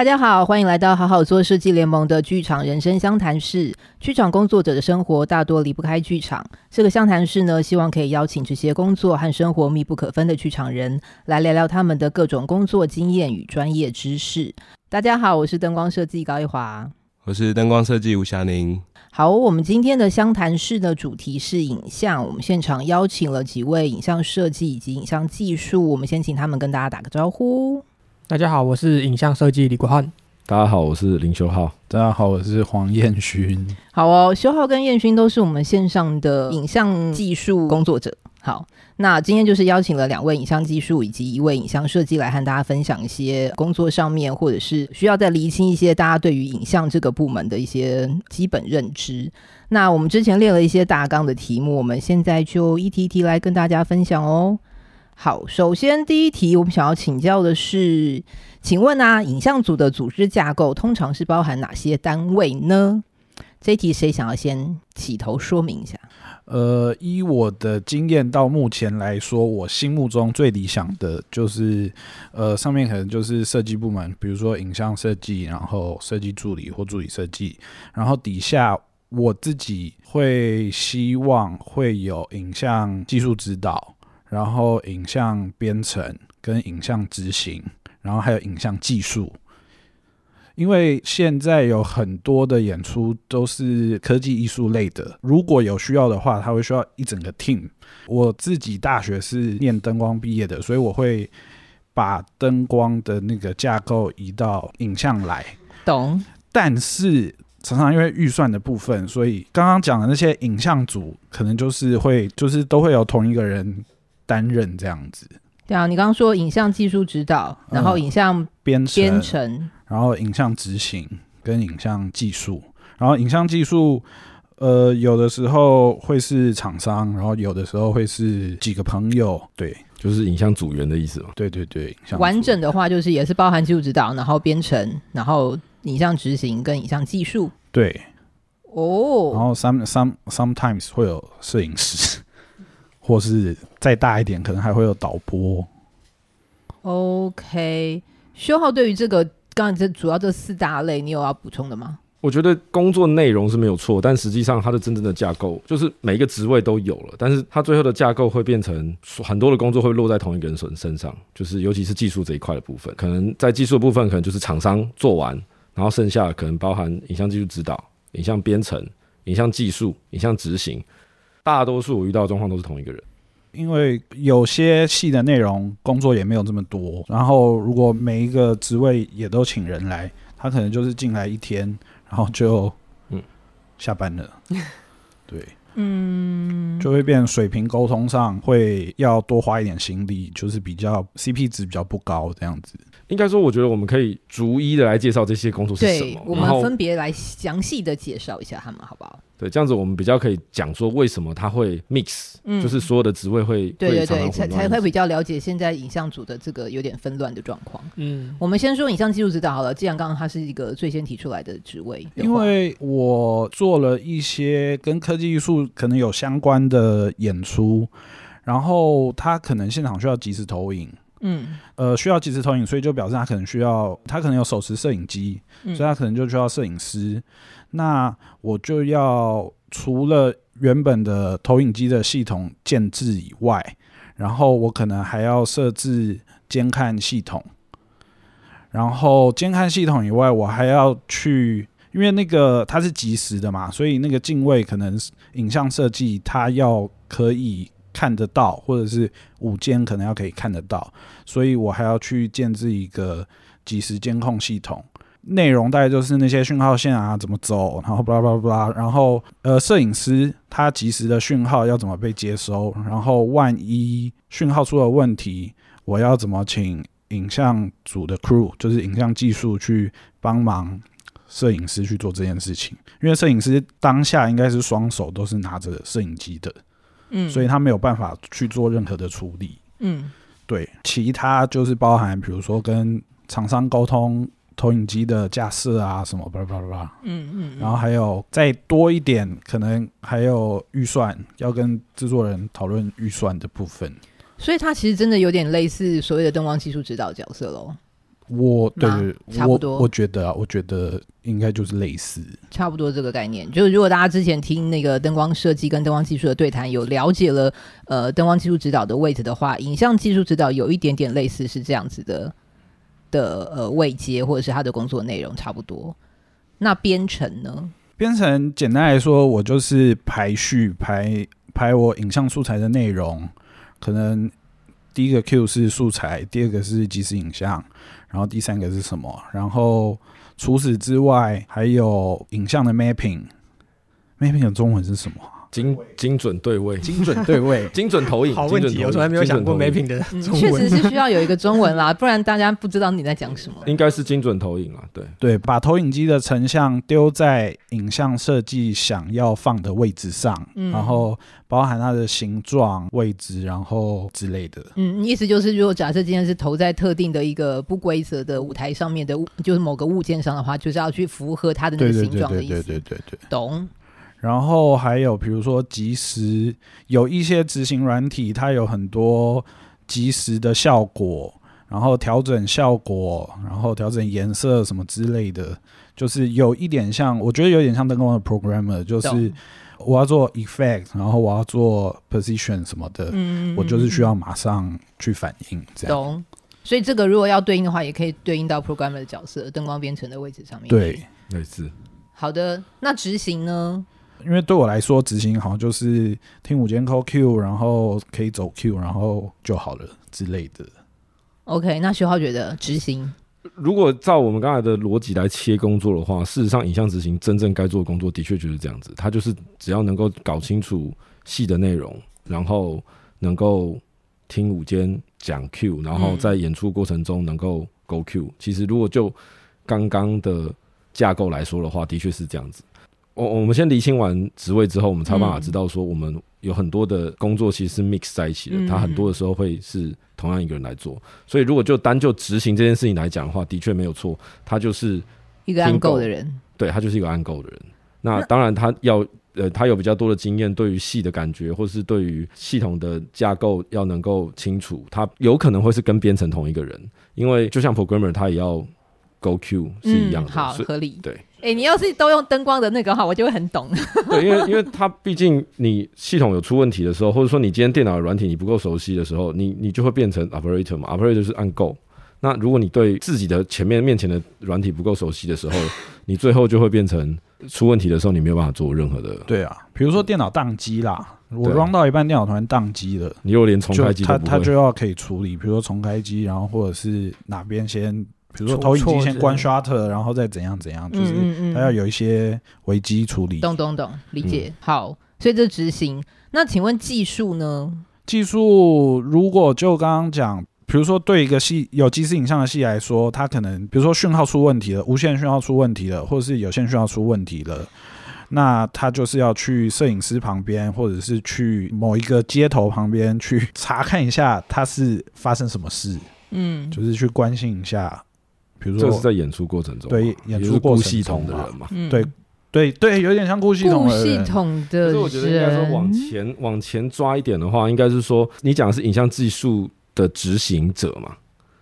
大家好，歡迎來到好好做設計聯盟的劇場人生相談室。劇場工作者的生活大多離不開劇場。這個相談室呢，希望可以邀請這些工作和生活密不可分的劇場人，來聊聊他們的各種工作經驗與專業知識。大家好，我是燈光設計高一華，我是燈光設計吳霞寧。好，我們今天的相談室的主題是影像。我們現場邀請了幾位影像設計以及影像技術，我們先請他們跟大家打個招呼。大家好，我是影像設計李國漢。大家好，我是林修皜。大家好，我是黃彥勳。好哦，修皜跟彥勳都是我們線上的影像技術工作者。好，那今天就是邀請了兩位影像技術以及一位影像設計來和大家分享一些工作上面或者是需要再釐清一些大家對於影像這個部門的一些基本認知。那我們之前列了一些大綱的題目，我們現在就一題一題來跟大家分享哦。好，首先第一題，我們想要請教的是，請問啊，影像組的組織架構通常是包含哪些單位呢？這一題誰想要先起頭說明一下？呃，以我的經驗，到目前來說，我心目中最理想的就是，呃，上面可能就是設計部門，比如說影像設計，然後設計助理或助理設計，然後底下我自己會希望會有影像技術指導。然後影像編程跟影像執行，然後還有影像技術。因為現在有很多的演出都是科技藝術類的，如果有需要的話，他會需要一整個 team。我自己大學是念燈光畢業的，所以我會把燈光的那個架構移到影像來。懂。但是常常因為預算的部分，所以剛剛講的那些影像組，可能就是會，就是都會有同一個人。擔任這樣子，對啊，你剛剛說影像技術指導，然後影像編、嗯、編程、編程，然後影像執行跟影像技術，然後影像技術，呃，有的時候會是廠商，然後有的時候會是幾個朋友，對，就是影像組員的意思。喔，對對對，影像，完整的話就是也是包含技術指導，然後編程，然後影像執行跟影像技術。對，哦，oh，然後 sum, some sometimes 會有攝影師。 或是再大一點，可能還會有導播。OK，修皜，對於這個剛才這主要這四大類，你有要補充的嗎？我覺得工作內容是沒有錯，但實際上它的真正的架構就是每一個職位都有了，但是它最後的架構會變成很多的工作會落在同一個人身身上，就是尤其是技術這一塊的部分，可能在技術的部分，可能就是廠商做完，然後剩下的可能包含影像技術指導、影像編程、影像技術、影像執行。大多數我遇到的狀況都是同一個人，因為有些戲的內容工作也沒有這麼多，然後如果每一個職位也都請人來，他可能就是進來一天，然後就下班了，嗯、對，嗯， 就會變水平溝通上會要多花一點心力，就是比較 CP 值，比較不高這樣子。應該說，我覺得我們可以逐一的來介紹這些工作是什麼，對，我們分別來詳細的介紹一下他們，好不好？對，這樣子我們比較可以講說為什麼他會 mix，嗯，就是所有的職位會對對對，常常才才會比較了解現在影像組的這個有點紛亂的狀況。嗯，我們先說影像技術指導好了，既然剛剛他是一個最先提出來的職位的話，因為我做了一些跟科技藝術可能有相關的演出，然後他可能現場需要即時投影，嗯、呃、需要即時投影，所以就表示他可能需要，他可能有手持攝影機，嗯，所以他可能就需要攝影師。那我就要除了原本的投影機的系統建置以外，然後我可能還要設置監看系統。然後監看系統以外，我還要去，因為那個它是即時的嘛，所以那個鏡位可能影像設計它要可以看得到，或者是舞監可能要可以看得到，所以我還要去建置一個即時監控系統。內容大概就是那些訊號線啊怎麼走，然後巴拉巴拉巴拉，然後呃攝影師他及時的訊號要怎麼被接收，然後萬一訊號出了問題，我要怎麼請影像組的 crew，就是影像技術去幫忙攝影師去做這件事情，因為攝影師當下應該是雙手都是拿着攝影機的，嗯，所以他沒有辦法去做任何的處理，嗯，對，其他就是包含比如說跟廠商溝通。投影機的架設啊，什麼，叭叭叭叭，嗯嗯，嗯，然後還有再多一點，可能還有預算要跟制作人討論預算的部分。所以他其實真的有點類似所謂的燈光技術指導角色嘍。我對我，差不多。我覺得，我覺得應該就是類似，差不多這個概念。就是如果大家之前聽那個燈光設計跟燈光技術的對談，有了解了呃燈光技術指導的位置的話，影像技術指導有一點點類似，是這樣子的。的呃，位階或者是他的工作內容差不多，那編程呢？編程簡單來說，我就是排序排排我影像素材的內容，可能第一個 Q 是素材，第二個是即時影像，然後第三個是什麼？然後除此之外，還有影像的 mapping，mapping mapping 的中文是什麼？精精準對位， 精準對位 精準，精準投影。好問題，我從來沒有想過沒品的中文，嗯、確實是需要有一個中文啦， 不然大家不知道你在講什麼。應該是精準投影嘛，對對，把投影機的成像丟在影像設計想要放的位置上，嗯、然後包含它的形狀、位置，然後之類的。嗯，意思就是，如果假設今天是投在特定的一個不規則的舞台上面的，就是某個物件上的話，就是要去符合它的那個形狀的意思。對對對對對對，對，對，懂。然後還有比如說，即時有一些執行軟體，它有很多即時的效果，然後調整效果，然後調整顏色什麼之類的，就是有一點像，我覺得有點像燈光的 programmer，就是我要做 effect，然後我要做 position 什麼的，嗯、嗯、嗯、嗯，我就是需要馬上去反應，這樣。懂。所以這個如果要對應的話，也可以對應到 programmer 的角色，燈光編程的位置上面，對，類似。好的，那執行呢？因為對我來說，執行好像就是聽舞監 call Q，然後可以走 Q，然後就好了之類的。OK，那修皜覺得執行，如果照我們剛才的邏輯來切工作的話，事實上影像執行真正該做的工作，的確就是這樣子。他就是只要能夠搞清楚戲的內容，然後能夠聽舞監講 Q，然後在演出過程中能夠 Go Q、嗯。其實如果就剛剛的架構來說的話，的確是這樣子。我我們先釐清完職位之後，我們才有辦法知道說，我們有很多的工作其實是 mix 在一起的。他、嗯、很多的時候會是同樣一個人來做。所以如果就單就執行這件事情來講的話，的確沒有錯。他就，就是一個按 go 的人，對，他就是一個按 go 的人。那當然他要呃，他有比較多的經驗，對於戲的感覺，或是對於系統的架構要能夠清楚。他有可能會是跟編程同一個人，因為就像 programmer，他也要。Go Q 是一樣的，嗯，好以合理。對，誒、欸，你要是都用燈光的那個話，我就會很懂。對，因為因為它畢竟你系統有出問題的時候，或者說你今天電腦的軟體你不夠熟悉的時候，你你就會變成 operator 嘛。operator 是按 go。那如果你對自己的前面面前的軟體不夠熟悉的時候， 你最後就會變成出問題的時候，你沒有辦法做任何的。對啊，比如說電腦宕機啦，嗯、我裝到一半電腦突然宕機了，你又連重開機都不會，它它就要可以處理，比如說重開機，然後或者是哪邊先。比如說投影機先關 shutter，然後再怎樣怎樣嗯嗯嗯，就是它要有一些危機處理。懂懂懂，理解、嗯、好。所以這執行。那請問技術呢？技術如果就剛剛講，比如說對一個戲有即時影像的戲來說，它可能比如說訊號出問題了，無線訊號出問題了，或者是有線訊號出問題了，那他就是要去攝影師旁邊，或者是去某一個接頭旁邊去查看一下，他是發生什麼事。嗯，就是去關心一下。比如說這是在演出過程中，對演出顧系統的人嘛？嗯、對對對，有點像顧系統。顧系統的，所以我覺得應該說往前往前抓一點的話，應該是說你講的是影像技術的執行者嘛？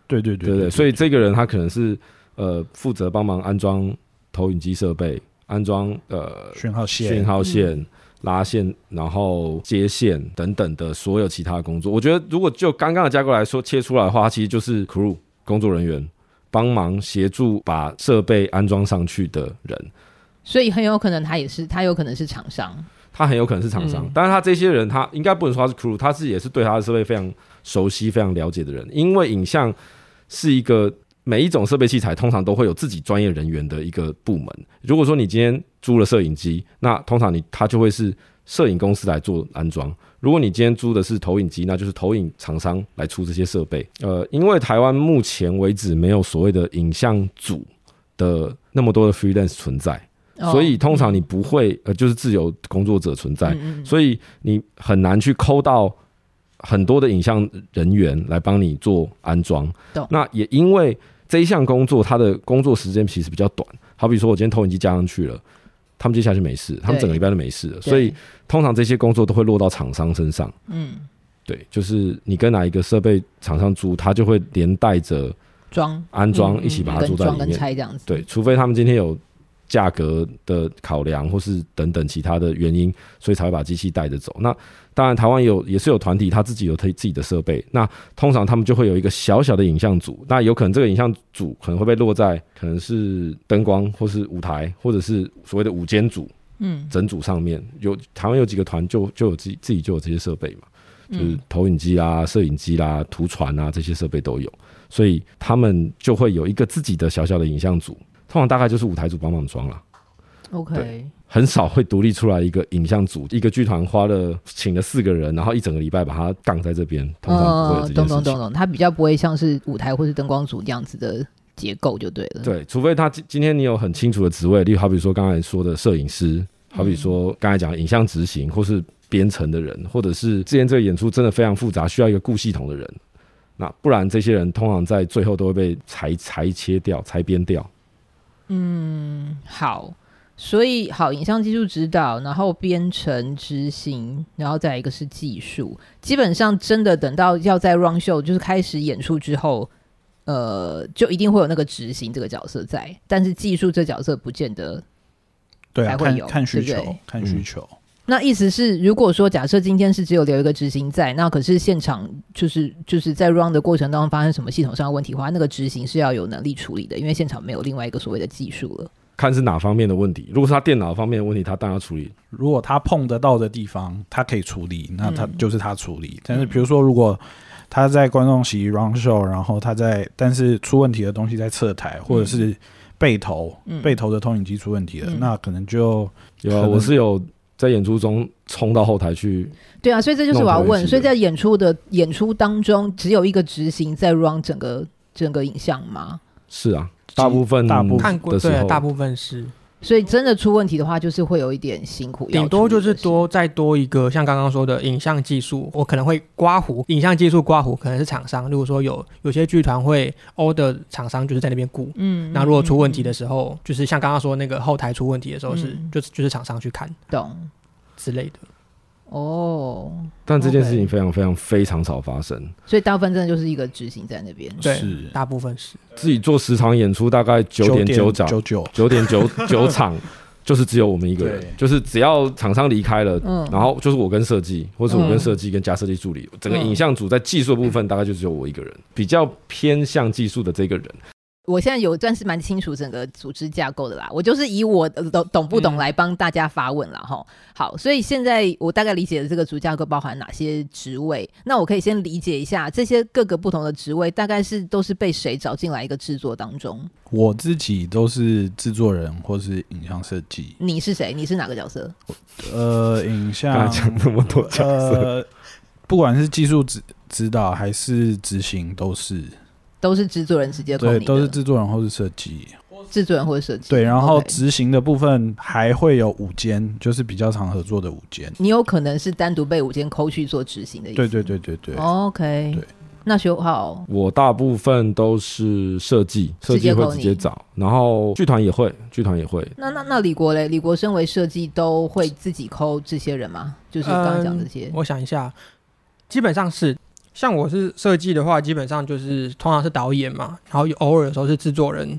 對對對對，對，對，對對對對，所以這個人他可能是呃負責幫忙安裝投影機設備、安裝呃訊號線、訊號線、嗯、拉線，然後接線等等的所有其他工作。我覺得如果就剛剛的架構來說切出來的話，他其實就是 crew 工作人員。幫忙協助把設備安裝上去的人，所以很有可能他也是，他有可能是廠商，他很有可能是廠商，嗯。但是他這些人，他應該不能說他是 crew，他自己也是對他的設備非常熟悉、非常了解的人。因為影像是一個每一種設備器材通常都會有自己專業人員的一個部門。如果說你今天租了攝影機，那通常你他就會是。攝影公司來做安裝。如果你今天租的是投影機，那就是投影廠商來出這些設備。呃，因為台灣目前為止沒有所謂的影像組的那麼多的 freelance 存在，哦、所以通常你不會、嗯、呃，就是自由工作者存在，嗯嗯嗯，所以你很難去摳到很多的影像人員來幫你做安裝。懂。那也因為這一項工作，它的工作時間其實比較短。好比說，我今天投影機加上去了。他們接下來就沒事，他們整個禮拜都沒事了，所以通常這些工作都會落到廠商身上。嗯，對，就是你跟哪一個設備廠商租，他就會連帶着裝、安裝、嗯嗯、一起把它租在裡面這樣子。對，除非他們今天有。價格的考量，或是等等其他的原因，所以才會把機器帶着走。那當然，台灣有也是有團體，他自己有自己的設備。那通常他們就會有一個小小的影像組。那有可能這個影像組可能會被落在可能是燈光，或是舞台，或者是所謂的舞監組，嗯，整組上面有台灣有幾個團，就就有自己自己就有這些設備嘛，就是投影機啦、攝影機啦、圖傳啊這些設備都有，所以他們就會有一個自己的小小的影像組。通常大概就是舞台組幫忙裝了，OK，很少會獨立出來一個影像組，一個劇團花了請了四個人，然後一整個禮拜把它槓在這邊，通常不會的這件事情。他、嗯、比較不會像是舞台或是燈光組這樣子的結構就對了。對，除非他今今天你有很清楚的職位，例如好比說剛才說的攝影師，好比說剛才講影像執行或是編程的人，或者是之前這個演出真的非常複雜，需要一個顧系統的人，那不然這些人通常在最後都會被裁裁切掉、裁編掉。嗯，好，所以好影像技術指導，然後編程執行，然後再一個是技術。基本上真的等到要在 Run Show 就是開始演出之後，呃，就一定會有那個執行這個角色在，但是技術這角色不見得，對啊，還會有看需求，看需求。嗯那意思是，如果說假設今天是只有留一個執行在，那可是現場就是就是在 run 的過程當中發生什麼系統上的問題的話，那個執行是要有能力處理的，因為現場沒有另外一個所謂的技術了。看是哪方面的問題。如果是他電腦方面的問題，他當然要處理；如果他碰得到的地方，他可以處理，那他就是他處理。嗯、但是，比如說，如果他在觀眾席 run show，然後他在，但是出問題的東西在側台、嗯、或者是背投，嗯、背投的投影機出問題了，嗯、那可能就可能有、啊，我是有。在演出中衝到後台去，對啊，所以這就是我要問， 所以在演出的演出當中，只有一個執行在 run 整個整個影像嗎？是啊，大部分大部分、嗯、看過，對啊，大部分是。所以真的出問題的話，就是會有一點辛苦要的，頂多就是多再多一個像剛剛說的影像技術，我可能會刮糊。影像技術刮糊可能是廠商。如果說有有些劇團會 order 廠商，就是在那邊僱，嗯，那如果出問題的時候，嗯、就是像剛剛說那個後台出問題的時候是，是、嗯、就就是廠商去看，懂之類的。哦、oh, okay.，但這件事情非常,非常非常非常少發生，所以大部分真的就是一個執行在那邊，對是，大部分是自己做十場演出，大概九點九場，九點九九場，就是只有我們一個人，就是只要廠商離開了、嗯，然後就是我跟設計，或者我跟設計跟加設計助理、嗯，整個影像組在技術部分大概就只有我一個人，嗯、比較偏向技術的這個人。我現在有算是蠻清楚整個組織架構的啦，我就是以我懂不懂來幫大家發問了哈。好，所以現在我大概理解了這個組織架構包含哪些職位？那我可以先理解一下這些各個不同的職位，大概是都是被誰找進來一個製作當中？我自己都是製作人或是影像設計。你是誰？你是哪個角色？ 呃，影像講那麼多角色， 呃、不管是技術指指導還是執行，都是。都是製作人直接對，都是製作人或是設計，製作人或是設計。對，然後執行的部分還會有舞監，就是比較常合作的舞監。你有可能是單獨被舞監摳去做執行的意思，對對對對對，對、哦。OK，對，那修皜，我大部分都是設計，設計會直接找，接然後劇團也會，劇團也會。那那那李國嘞？李國身為設計，都會自己摳這些人嗎？就是剛剛講這些、嗯，我想一下，基本上是。像我是設計的話，基本上就是通常是導演嘛，然後偶爾的時候是製作人，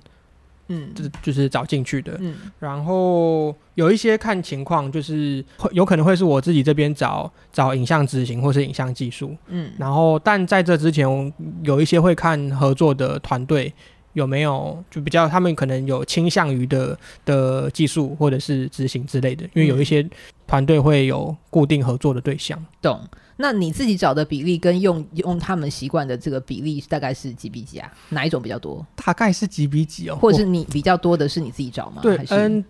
嗯，就是就是找進去的，嗯，然後有一些看情況，就是會有可能會是我自己這邊找找影像執行或是影像技術，嗯，然後但在這之前，我有一些會看合作的團隊有沒有就比較他們可能有傾向於的的技術或者是執行之類的，因為有一些團隊會有固定合作的對象，嗯、懂。那你自己找的比例跟用用他們習慣的這個比例大概是幾比幾啊？哪一種比較多？大概是幾比幾哦？或者是你比較多的是你自己找嗎？對，還是嗯，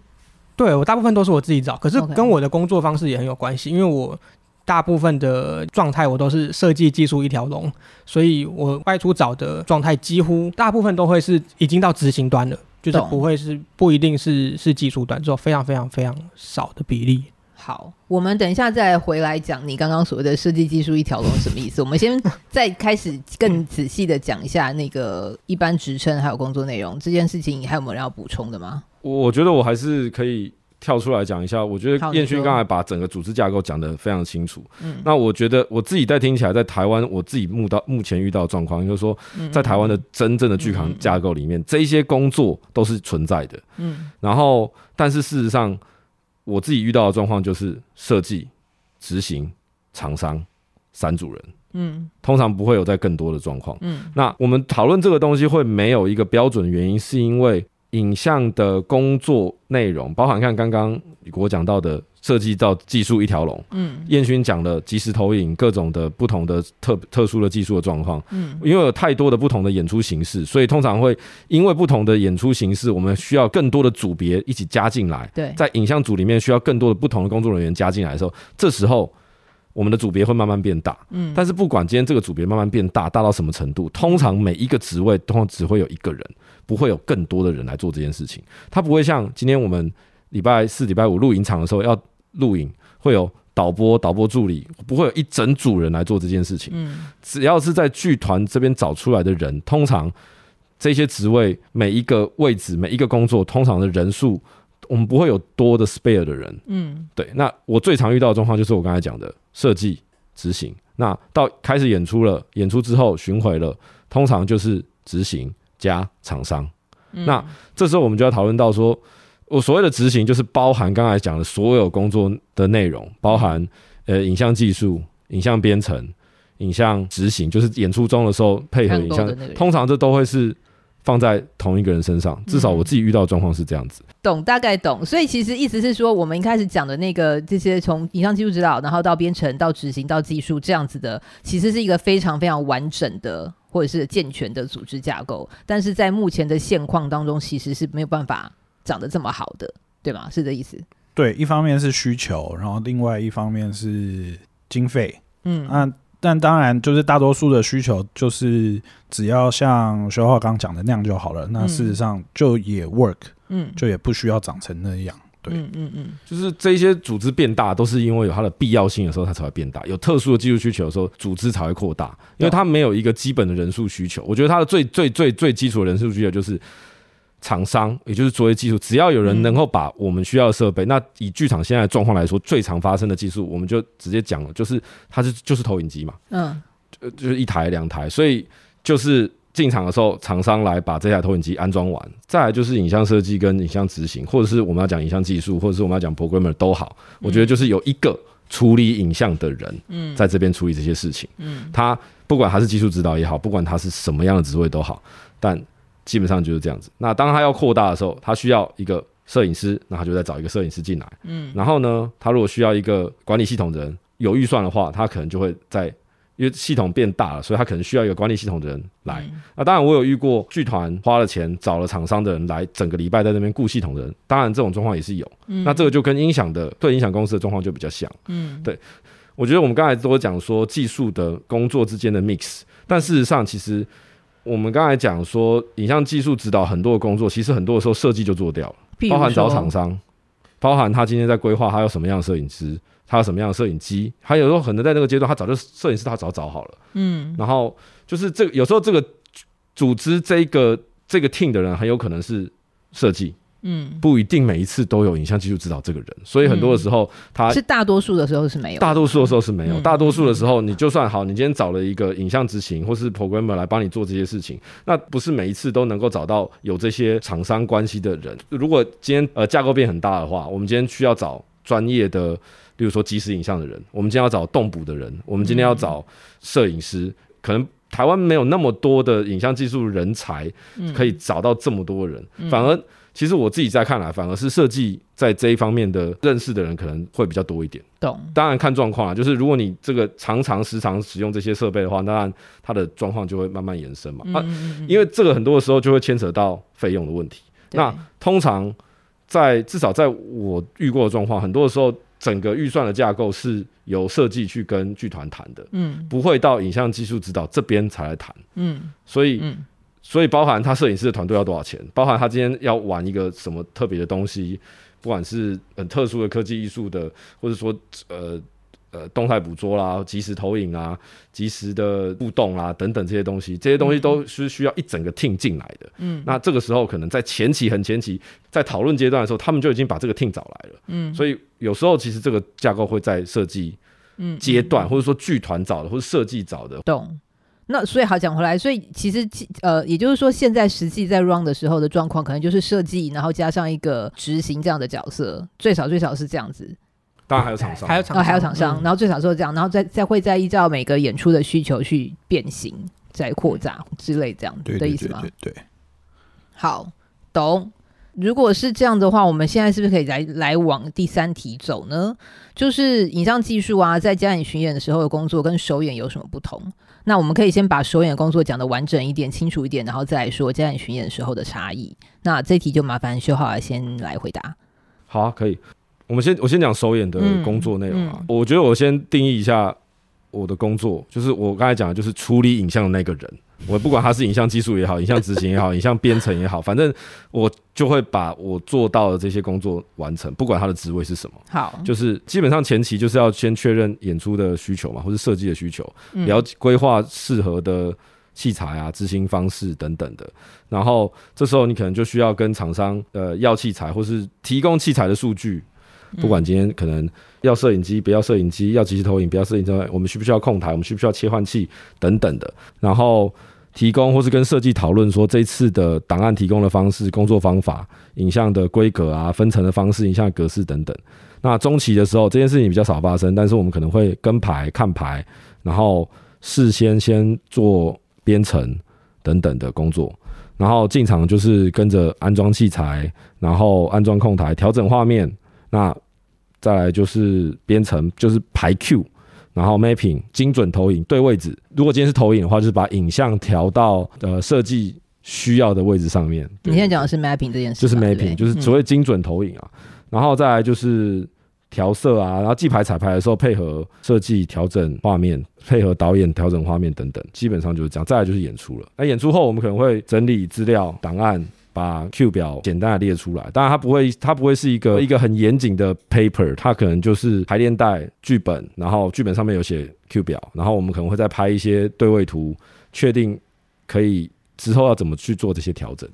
對我大部分都是我自己找，可是跟我的工作方式也很有關係，okay. 因為我大部分的狀態我都是設計技術一條龍，所以我外出找的狀態幾乎大部分都會是已經到執行端了，就是不會是不一定是是技術端，只有非常非常非常少的比例。好，我們等一下再回來講你剛剛所謂的設計技術一條龍什麼意思。 我們先再開始更仔細的講一下那個一般職稱還有工作內容這件事情，你還有沒有人要補充的嗎？我覺得我還是可以跳出來講一下。我覺得彥勳剛才把整個組織架構講得非常清楚。嗯，那我覺得我自己再聽起來，在台灣我自己目到目前遇到的狀況，就是說在台灣的真正的巨行架構裡面，嗯、這一些工作都是存在的。嗯，然後但是事實上。我自己遇到的狀況就是設計、執行、廠商、三組人，嗯，通常不會有再更多的狀況。嗯，那我們討論這個東西會沒有一個標準的原因是因為。影像的工作內容，包含看剛剛我講到的，設計到技術一條龍。嗯，彥勳講了即時投影各種的不同的特特殊的技術的狀況。嗯，因為有太多的不同的演出形式，所以通常會因為不同的演出形式，我們需要更多的組別一起加進來。對，在影像組裡面需要更多的不同的工作人員加進來的時候，這時候我們的組別會慢慢變大。嗯，但是不管今天這個組別慢慢變大，大到什麼程度，通常每一個職位通常只會有一個人，不會有更多的人來做這件事情。他不會像今天我們禮拜四、禮拜五錄影場的時候要錄影，會有導播、導播助理，不會有一整組人來做這件事情。嗯，只要是在劇團這邊找出來的人，通常這些職位每一個位置、每一個工作，通常的人數我們不會有多的 spare 的人。嗯，對。那我最常遇到的狀況就是我剛才講的設計執行。那到開始演出了，演出之後巡迴了，通常就是執行。加廠商，嗯、那這時候我們就要討論到說，我所謂的執行就是包含剛才講的所有工作的內容，包含呃影像技術、影像編程、影像執行，就是演出中的時候配合影像。通常這都會是放在同一個人身上，至少我自己遇到的狀況是這樣子，嗯。懂，大概懂。所以其實意思是說，我們一開始講的那個這些從影像技術指導，然後到編程到執行到技術這樣子的，其實是一個非常非常完整的，或者是健全的組織架構，但是在目前的現況當中，其實是沒有辦法長得這麼好的，對嗎？是這意思？對，一方面是需求，然後另外一方面是經費，嗯，那、啊、但當然就是大多數的需求，就是只要像修皜剛講的那樣就好了，那事實上就也 work，嗯，就也不需要長成那樣。嗯嗯嗯，就是這些組織變大，都是因為有它的必要性的時候，它才會變大。有特殊的技術需求的時候，組織才會擴大，因為它沒有一個基本的人數需求。我覺得它的最最最最基礎的人數需求就是廠商，也就是作為技術，只要有人能夠把我們需要的設備，那以劇場現在的狀況來說，最常發生的技術，我們就直接講了，就是它是就是投影機嘛，嗯，就是一台兩台，所以就是。進場的時候，廠商來把這台投影機安裝完，再來就是影像設計跟影像執行，或者是我們要講影像技術，或者是我們要講 programmer 都好，嗯，我覺得就是有一個處理影像的人，在這邊處理這些事情，嗯，嗯，他不管他是技術指導也好，不管他是什麼樣的職位都好，但基本上就是這樣子。那當他要擴大的時候，他需要一個攝影師，那他就再找一個攝影師進來，嗯，然後呢，他如果需要一個管理系統的人，有預算的話，他可能就會在。因為系統變大了，所以他可能需要一個管理系統的人來。那、嗯啊、當然我有遇過劇團花了錢找了廠商的人來，整個禮拜在那邊雇系統的人。當然這種狀況也是有、嗯。那這個就跟音響的對音響公司的狀況就比較像。嗯，對。我覺得我們剛才都講說技術的工作之間的 mix，但事實上其實我們剛才講說影像技術指導很多的工作，其實很多的時候設計就做掉了，包含找廠商，包含他今天在規劃他要什麼樣的攝影師。他有什麼樣的攝影機？他有時候可能在那個階段，他早就攝影師他早找好了。嗯。然後就是這個、有時候這個組織這個這個 team 的人很有可能是設計。嗯。不一定每一次都有影像技術指導這個人，所以很多的時候他、嗯、是大多數的時候是沒有，嗯、大多數的時候是沒有，嗯、大多數的時候你就算好、嗯，你今天找了一個影像執行或是 programmer 來幫你做這些事情，那不是每一次都能夠找到有這些廠商關係的人。如果今天呃架構變很大的話，我們今天需要找專業的。比如說，即時影像的人，我們今天要找動捕的人，我們今天要找攝影師、嗯，可能台灣沒有那麼多的影像技術人才、嗯，可以找到這麼多人，嗯。反而，其實我自己在看來，反而是設計在這一方面的認識的人可能會比較多一點。懂，當然看狀況啊，就是如果你這個常常時常使用這些設備的話，那它的狀況就會慢慢延伸嘛，嗯、嗯、嗯。啊，因為這個很多的時候就會牽扯到費用的問題。那通常在至少在我遇過的狀況，很多的時候。整個預算的架構是由設計去跟劇團談的，嗯，不會到影像技術指導這邊才來談，嗯，所以，嗯，所以包含他攝影師的團隊要多少錢，包含他今天要玩一個什麼特別的東西，不管是很特殊的科技藝術的，或者說，呃。呃，動態捕捉啦、啊，即時投影啊，即時的互動啦、啊，等等這些東西，這些東西都是需要一整個 team 進來的。嗯，嗯，那這個時候可能在前期很前期，在討論階段的時候，他們就已經把這個 team 找來了。嗯，所以有時候其實這個架構會在設計階段，嗯嗯，或者說劇團找的，或者設計找的。懂。那所以好講回來，所以其實呃，也就是說，現在實際在 Run 的時候的狀況，可能就是設計，然後加上一個執行這樣的角色，最少最少是這樣子。當然還有廠商，還有廠、哦、還有廠商、嗯。然後最少說這樣，然後再再會再依照每個演出的需求去變形、嗯、再擴展之類這樣的意思嗎？對，對，對，對，好懂。如果是這樣的話，我們現在是不是可以來來往第三題走呢？就是影像技術啊，在加演巡演的時候的工作跟首演有什麼不同？那我們可以先把首演的工作講的完整一點、清楚一點，然後再來說加演巡演的時候的差異。那這題就麻煩修皜先來回答。好、啊，可以。我們先我先講首演的工作內容啊，我覺得我先定義一下我的工作，就是我剛才講的就是處理影像的那個人。我不管他是影像技術也好，影像執行也好，影像編程也好，反正我就會把我做到的這些工作完成，不管他的職位是什麼。好，就是基本上前期就是要先確認演出的需求嘛，或是設計的需求，也要規劃適合的器材啊、執行方式等等的。然後這時候你可能就需要跟廠商呃要器材，或是提供器材的數據。嗯、不管今天可能要攝影機不要攝影機，要即時投影不要攝影機，我們需不需要控台？我們需不需要切換器等等的？然後提供或是跟設計討論說，這次的檔案提供的方式、工作方法、影像的規格啊、分層的方式、影像格式等等。那中期的時候，這件事情比較少發生，但是我們可能會跟排、看排，然後事先先做編程等等的工作，然後進場就是跟着安裝器材，然後安裝控台，調整畫面。那再來就是編程，就是排 Q，然後 mapping 精準投影對位置。如果今天是投影的話，就是把影像調到呃設計需要的位置上面。你現在講的是 mapping 這件事，就是 mapping，就是所謂精準投影啊、嗯。然後再來就是調色啊，然後技排彩排的時候配合設計調整畫面，配合導演調整畫面等等，基本上就是這樣。再來就是演出了。那、欸、演出後我們可能會整理資料檔案。把 Q 表簡單的列出來，當然它不會，它不會是一個一個很嚴謹的 paper，它可能就是排練帶劇本，然後劇本上面有寫 Q 表，然後我們可能會再拍一些對位圖，確定可以之後要怎麼去做這些調整。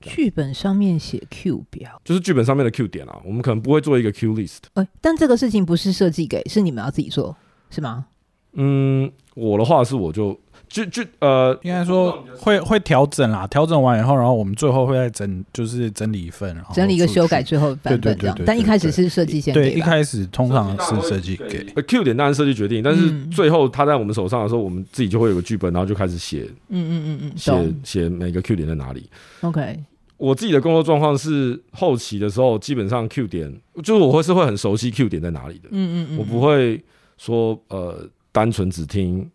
劇本上面寫 Q 表，就是劇本上面的 Q 點啊，我們可能不會做一個 Q list。欸，但這個事情不是設計給，是你們要自己做，是嗎？嗯，我的話是我就。就就呃，應該說會會調整啦。調整完以後，然後我們最後會再整，就是整理一份，然後整理一個修改最後版本這樣。對對對對對對對對，但一開始是設計先給。對，一開始通常是設計給、呃。Q 點當然設計決定，但是最後他在我們手上的時候，我們自己就會有個劇本，然後就開始寫。嗯嗯嗯嗯，懂。寫寫每個 Q 點在哪裡？OK。我自己的工作狀況是後期的時候，基本上 Q 點就是我會是會很熟悉 Q 點在哪裡的。嗯嗯嗯，我不會說呃，單純只聽。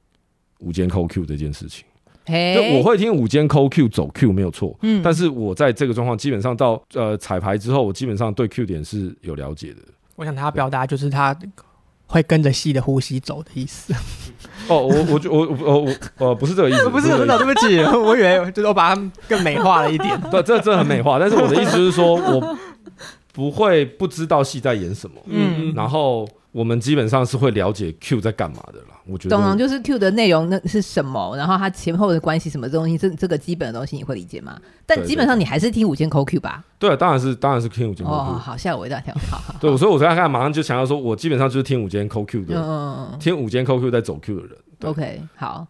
五間扣 Q 這件事情，就我會聽五間扣 Q 走 Q 沒有錯，嗯，但是我在這個狀況，基本上到呃彩排之後，我基本上對 Q 點是有了解的。我想他表達就是他會跟着戲的呼吸走的意思。 哦，我我我我我不是這個意思， 不是領導，這對不起，我以為就是我把它更美化了一點。 對，這這很美化，但是我的意思就是說，我不會不知道戲在演什麼，嗯，然後。我們基本上是會了解 Q 在幹嘛的啦。我覺得。懂，就是 Q 的內容那是什麼，然後它前後的關係什麼東西，這這個基本的東西你會理解嗎？但基本上你還是聽舞監 call Q 吧。對，對，對，對，啊，當然是，當然是聽舞監 call Q。哦，好，嚇我一大跳。好好好 對，所以我現在看，馬上就想要說，我基本上就是聽舞監 call Q 的，嗯嗯嗯聽舞監 call Q 在走 Q 的人。OK，好。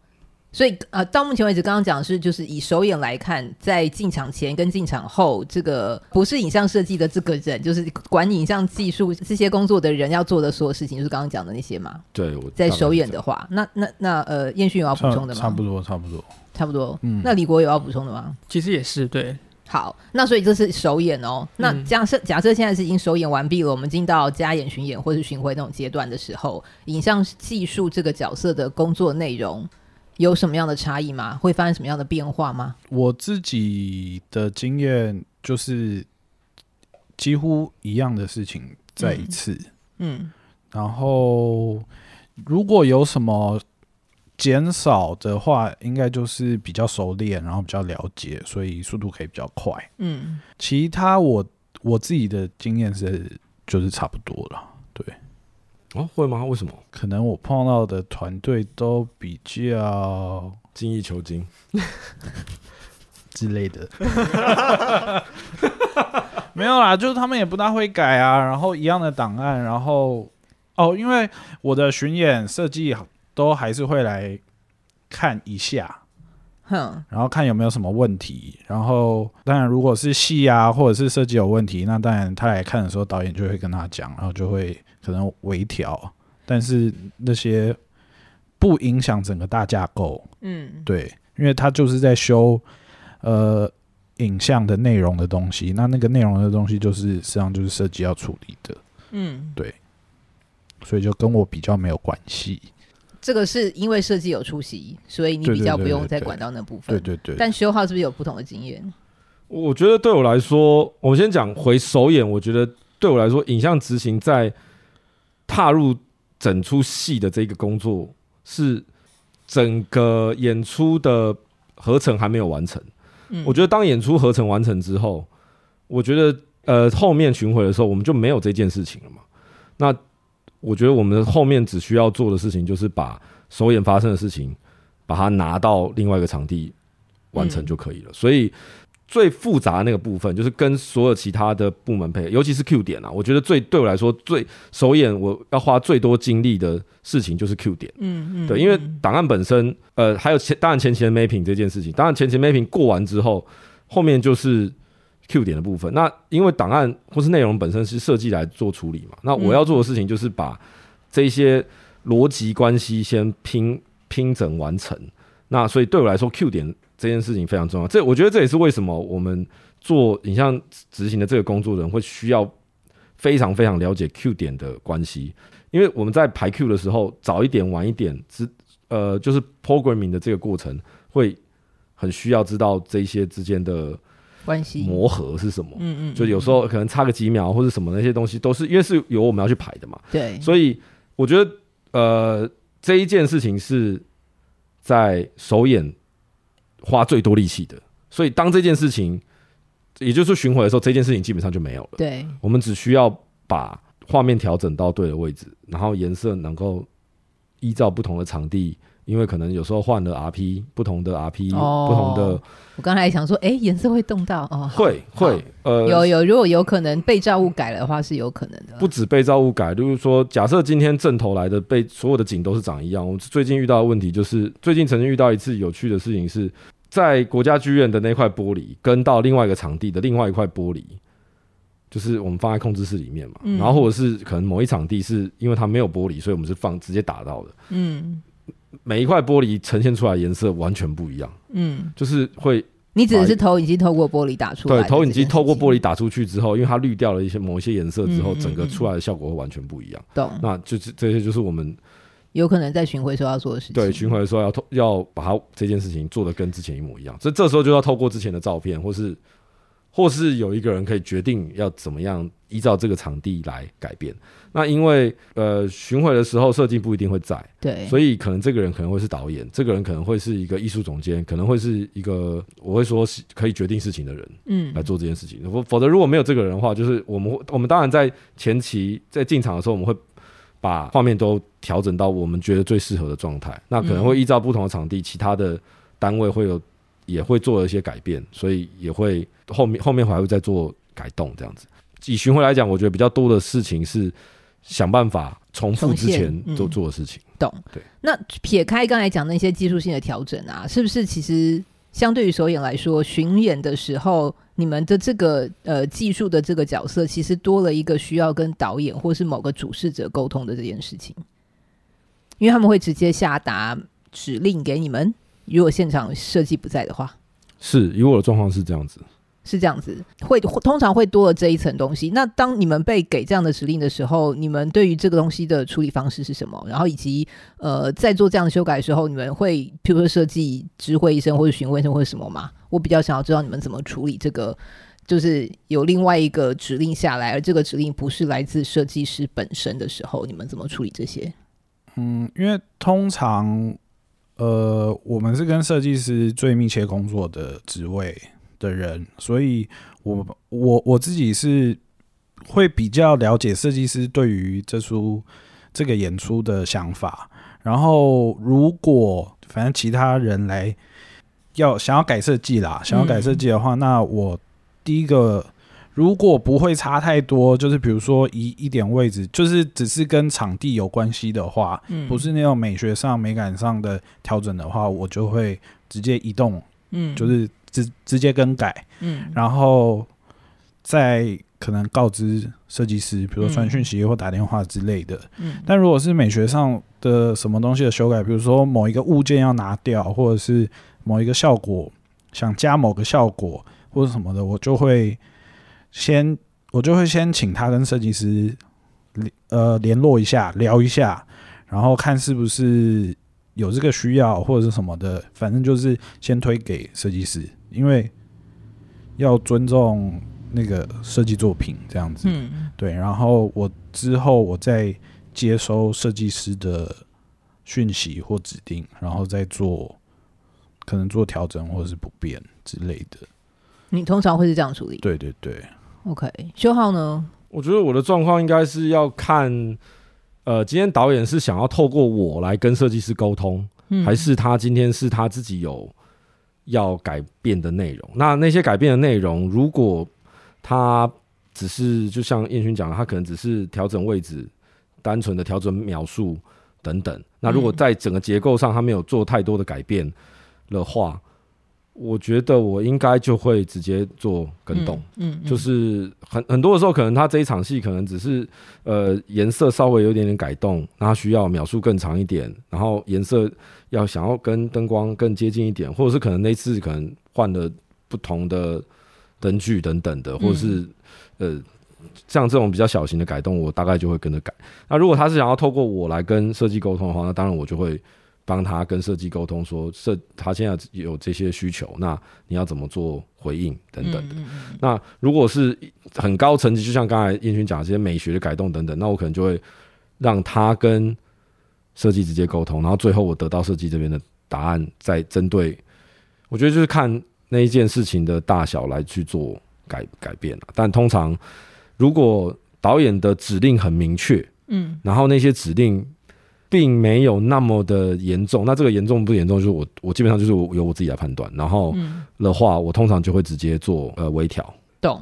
所以呃，到目前為止，剛剛講的是，就是以首演來看，在進場前跟進場後，這個不是影像設計的這個人，就是管影像技術這些工作的人要做的所有事情，就是剛剛講的那些嘛。對，我。在首演的話，那那那呃，彥勳有要補充的嗎？差不多，差不多，差不多。嗯。那李國有要補充的嗎？其實也是對。好，那所以這是首演哦。那假設假設現在是已經首演完畢了、嗯，我們進到加演巡演或是巡回那種階段的時候，影像技術這個角色的工作內容。有什麼樣的差異嗎？會發生什麼樣的變化嗎？我自己的經驗就是幾乎一樣的事情再一次，嗯，嗯，然後如果有什麼減少的話，應該就是比較熟練，然後比較了解，所以速度可以比較快，嗯，其他我我自己的經驗是，嗯，就是差不多了。哦，會嗎？為什麼？可能我碰到的團隊都比較精益求精 之類的。 沒有啦，就是他們也不大會改啊。然後一樣的檔案，然後哦，因為我的巡演設計都還是會來看一下，huh. 然後看有沒有什麼問題。然後當然，如果是戲啊，或者是設計有問題，那當然他來看的時候，導演就會跟他講，然後就會。可能微調，但是那些不影響整個大架構。嗯，對，因為他就是在修呃影像的內容的東西，那那個內容的東西就是實際上就是設計要處理的。嗯，對，所以就跟我比較沒有關係。這個是因為設計有出席，所以你比較不用再管到那部分。對對對，對。但修皜是不是有不同的經驗？我覺得對我來說，我先講回首演，我覺得對我來說，影像執行在踏入整齣戲的這個工作是整個演出的合成還沒有完成。嗯，我覺得當演出合成完成之後，我覺得呃後面巡迴的時候我們就沒有這件事情了嘛。那我覺得我們後面只需要做的事情就是把首演發生的事情把它拿到另外一個場地完成就可以了。嗯。所以。最複雜的那個部分就是跟所有其他的部門配合，尤其是 Q 點啊。我覺得最對我來說最首演，我要花最多精力的事情就是 Q 點。嗯嗯，對，因為檔案本身，呃，還有前當然前期的 mapping 這件事情，當然前期 mapping 過完之後，後面就是 Q 點的部分。那因為檔案或是內容本身是設計來做處理嘛，那我要做的事情就是把這一些邏輯關係先拼拼整完成。那所以對我來說，Q 點。這件事情非常重要，這我覺得這也是為什麼我們做影像執行的這個工作人會需要非常非常了解 Q 點的關係，因為我們在排 Q 的時候早一點晚一點之呃就是 programming 的這個過程會很需要知道這一些之間的關係磨合是什麼，嗯嗯，嗯嗯，就有時候可能差個幾秒或者什麼那些東西都是因為是由我們要去排的嘛，對，所以我覺得呃這一件事情是在首演。花最多力氣的，所以當這件事情，也就是巡迴的時候，這件事情基本上就沒有了。對，我們只需要把畫面調整到對的位置，然後顏色能夠依照不同的場地。因為可能有時候換了 R P，不同的 R P、哦，不同的。我剛才想說，哎、欸，顏色會動到哦。會會，呃，有有，如果有可能被照物改了的話，是有可能的。不止被照物改，就是說，假設今天正投來的被所有的景都是長一樣。我們最近遇到的問題就是，最近曾經遇到一次有趣的事情是，是在國家劇院的那塊玻璃，跟到另外一個場地的另外一塊玻璃，就是我們放在控制室裡面嘛、嗯，然後或者是可能某一場地是因為它沒有玻璃，所以我們是放直接打到的。嗯。每一塊玻璃呈現出來的顏色完全不一樣，嗯，就是會你指的是投影機透過玻璃打出來，對，投影機透過玻璃打出去之後，因為它濾掉了一些某一些顏色之後，整個出來的效果會完全不一樣。懂，嗯嗯嗯，那就是這些就是我們有可能在巡回時候要做的事情，對，巡回的時候要要，要把它這件事情做得跟之前一模一樣，所以這時候就要透過之前的照片或是。或是有一個人可以決定要怎麼樣依照這個場地來改變。那因為呃巡迴的時候設計不一定會在，對，所以可能這個人可能會是導演，這個人可能會是一個藝術總監，可能會是一個我會說是可以決定事情的人，嗯，來做這件事情。嗯。否則如果沒有這個人的話，就是我們我們當然在前期在進場的時候，我們會把畫面都調整到我們覺得最適合的狀態。那可能會依照不同的場地，嗯，其他的單位會有。也會做了一些改變，所以也會後面後面還會再做改動這樣子。以巡迴來講，我覺得比較多的事情是想辦法重複之前都做的事情。嗯、懂對。那撇開剛才講那些技術性的調整啊，是不是其實相對於首演來說，巡演的時候你們的這個呃技術的這個角色，其實多了一個需要跟導演或是某個主事者溝通的這件事情，因為他們會直接下達指令給你們。如果現場設計不在的話，是，以我的狀況是這樣子，是這樣子，會通常會多了這一層東西。那當你們被給這樣的指令的時候，你們對於這個東西的處理方式是什麼？然後以及呃，在做這樣的修改的時候，你們會譬如說設計知會一聲，或者詢問一聲，或者什麼嗎？我比較想要知道你們怎麼處理這個，就是有另外一個指令下來，而這個指令不是來自設計師本身的時候，你們怎麼處理這些？嗯，因為通常。呃，我們是跟設計師最密切工作的職位的人，所以我我我自己是會比較了解設計師對於這出這個演出的想法。然後，如果反正其他人來要想要改設計啦，嗯，想要改設計的話，那我第一個。如果不會差太多，就是比如說移一點位置，就是只是跟場地有關係的話，嗯，不是那種美學上美感上的調整的話，我就會直接移動，嗯，就是直直接更改，嗯，然後再可能告知設計師，比如說傳訊息或打電話之類的，嗯，但如果是美學上的什麼東西的修改，比如說某一個物件要拿掉，或者是某一個效果想加某個效果或者什麼的，我就會。先，我就會先請他跟設計師聯呃聯絡一下，聊一下，然後看是不是有這個需要或者是什麼的，反正就是先推給設計師，因為要尊重那個設計作品這樣子。嗯，對。然後我之後我再接收設計師的訊息或指定，然後再做可能做調整或者是不變之類的。你通常會是這樣處理？對對對。OK，修皜呢？我覺得我的狀況應該是要看，呃，今天導演是想要透過我來跟設計師溝通，嗯，還是他今天是他自己有要改變的內容。那那些改變的內容，如果他只是就像彥勳講的，他可能只是調整位置，單純的調整描述等等。那如果在整個結構上他沒有做太多的改變的話。嗯的話我覺得我應該就會直接做更動嗯嗯，嗯，就是很很多的時候，可能他這一場戲可能只是呃顏色稍微有一點點改動，他需要描述更長一點，然後顏色要想要跟燈光更接近一點，或者是可能那次可能換了不同的燈具等等的，或者是呃像這種比較小型的改動，我大概就會跟着改。那如果他是想要透過我來跟設計溝通的話，那當然我就會。幫他跟設計溝通說，說設他現在有這些需求，那你要怎麼做回應等等的、嗯嗯嗯。那如果是很高層級，就像剛才彥勳講這些美學的改動等等，那我可能就會讓他跟設計直接溝通，然後最後我得到設計這邊的答案，再針對。我覺得就是看那一件事情的大小來去做改改變。但通常如果導演的指令很明確，嗯，然後那些指令。並沒有那麼的嚴重。那這個嚴重不嚴重，就是我我基本上就是由我自己來判斷。然後的話、嗯，我通常就會直接做呃微調。懂。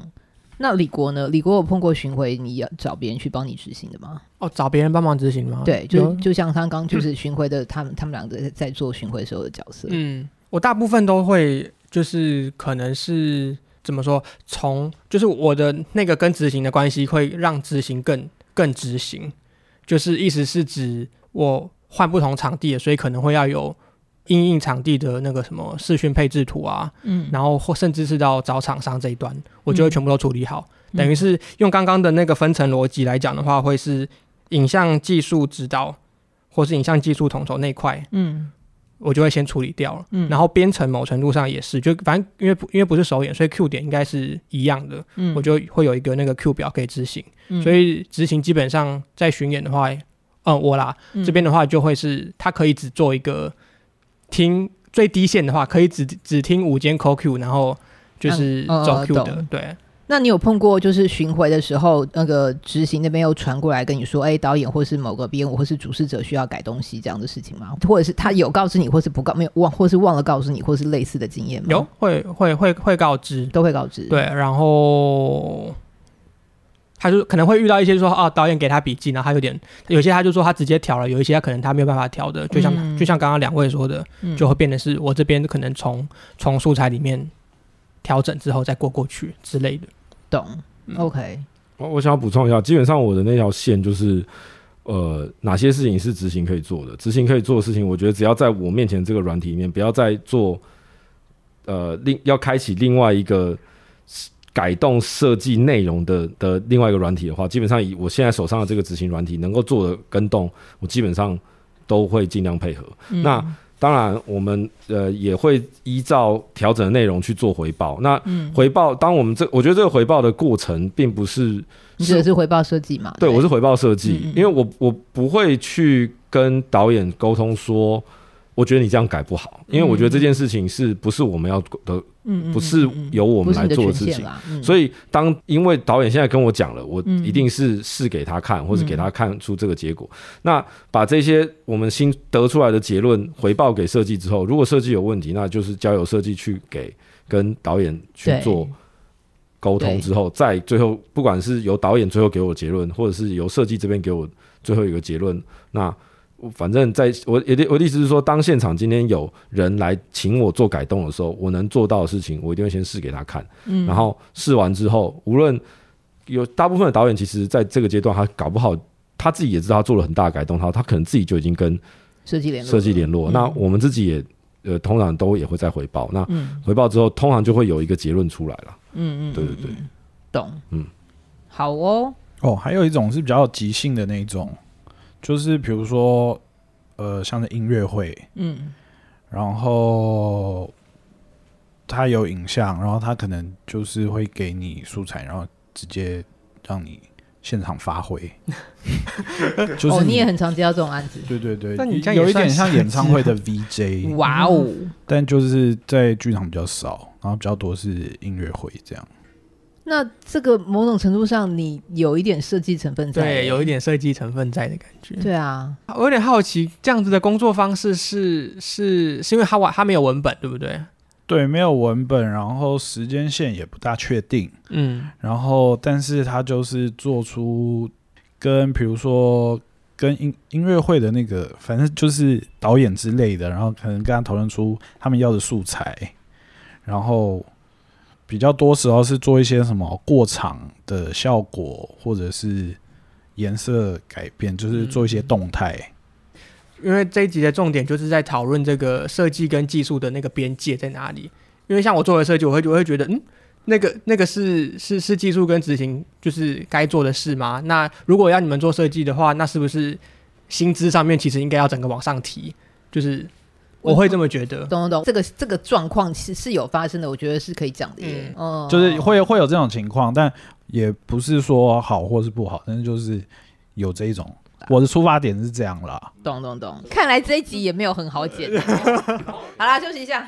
那李國呢？李國有碰過巡迴，你要找別人去幫你執行的嗎？哦，找別人幫忙執行嗎？對，就就像剛剛就是巡迴的、嗯，他們他們兩個在做巡迴時候的角色。嗯，我大部分都會就是可能是怎麼說，從就是我的那個跟執行的關係會讓執行更更執行，就是意思是指。我換不同場地，所以可能會要有因應場地的那個什麼視訊配置圖啊，嗯，然後或甚至是到找廠商這一端、嗯，我就會全部都處理好。嗯、等於是用剛剛的那個分層邏輯來講的話、嗯，會是影像技術指導或是影像技術統籌那塊，嗯，我就會先處理掉了。嗯、然後編程某程度上也是，就反正因為因為不是首演，所以 Q 點應該是一樣的，嗯，我就會有一個那個 Q 表可以執行、嗯，所以執行基本上在巡演的話。嗯，我啦，嗯、這邊的話就會是，他可以只做一個聽最低限的話，可以只只聽五間 call cue 然後就是找 Q 的，嗯呃。對，那你有碰過就是巡回的時候，那個執行那邊又傳過來跟你說，哎、欸，導演或是某個編舞或是主持者需要改東西這樣的事情嗎？或者是他有告知你，或是不告沒有忘，或是忘了告訴你，或是類似的經驗嗎？有、呃，會會會會告知，都會告知。對，然後。他就可能會遇到一些說，哦，導演給他筆記，然後他有點，有些他就說他直接調了，有一些他可能他沒有辦法調的，就像就像剛剛兩位說的，就會變得是我這邊可能從從素材裡面調整之後再過過去之類的懂，懂、嗯？OK。我我想要補充一下，基本上我的那條線就是，呃，哪些事情是執行可以做的，執行可以做的事情，我覺得只要在我面前這個軟體裡面，不要再做，呃，另要開啟另外一個。改動設計內容的的另外一個軟體的話，基本上以我現在手上的這個執行軟體能夠做的更動，我基本上都會盡量配合。嗯、那當然，我們呃也會依照調整的內容去做回報。那回報、嗯，當我們這，我覺得這個回報的過程並不是，是你覺得是回報設計嗎？對，我是回報設計、嗯嗯，因為我我不會去跟導演溝通說。我覺得你這樣改不好，因為我覺得這件事情是不是我們要的，嗯，不是由我們來做的事情。嗯嗯嗯嗯，所以當，當因為導演現在跟我講了，我一定是試給他看，嗯、或者給他看出這個結果。嗯、那把這些我們新得出來的結論回報給設計之後，如果設計有問題，那就是交由設計去給跟導演去做溝通之後，再最後，不管是由導演最後給我結論，或者是由設計這邊給我最後一個結論，那。反正在，在我我的我的意思是說，當現場今天有人來請我做改動的時候，我能做到的事情，我一定會先試給他看。嗯。然後試完之後，無論有大部分的導演，其實在這個階段，他搞不好他自己也知道他做了很大的改動，他他可能自己就已經跟設計聯絡。設計聯絡，嗯。那我們自己也呃，通常都也會再回報。那回報之後，通常就會有一個結論出來了。嗯嗯，嗯嗯，對對對，懂。嗯，好哦。哦，還有一種是比較即興的那種。就是比如說，呃，像在音樂會，嗯，然後他有影像，然後他可能就是會給你素材，然後直接讓你現場發揮。 是你 哦，你也很常接到這種案子。對對對，但你這樣有一點像演唱會的 VJ。哇哦、嗯！但就是在劇場比較少，然後比較多是音樂會這樣。那這個某種程度上，你有一點設計成分在。對，有一點設計成分在的感覺。對啊，我有點好奇，這樣子的工作方式是是是因為他他沒有文本，對不對？對，沒有文本，然後時間線也不大確定。嗯，然後但是他就是做出跟比如說跟音音樂會的那個，反正就是導演之類的，然後可能跟他討論出他們要的素材，然後。比較多時候是做一些什麼過場的效果，或者是顏色改變，就是做一些動態。嗯。因為這一集的重點就是在討論這個設計跟技術的那個邊界在哪裡。因為像我做的設計，我會我會覺得，嗯，那個那個是是是技術跟執行就是該做的事嗎？那如果要你們做設計的話，那是不是薪資上面其實應該要整個往上提？就是。我會這麼覺得，嗯、懂懂懂，這個這個狀況是是有發生的，我覺得是可以講的。嗯，嗯，就是會會有這種情況，但也不是說好或是不好，但是就是有這一種，啊，我的出發點是這樣啦，懂懂懂，看來這一集也沒有很好剪。嗯、 好啦，休息一下。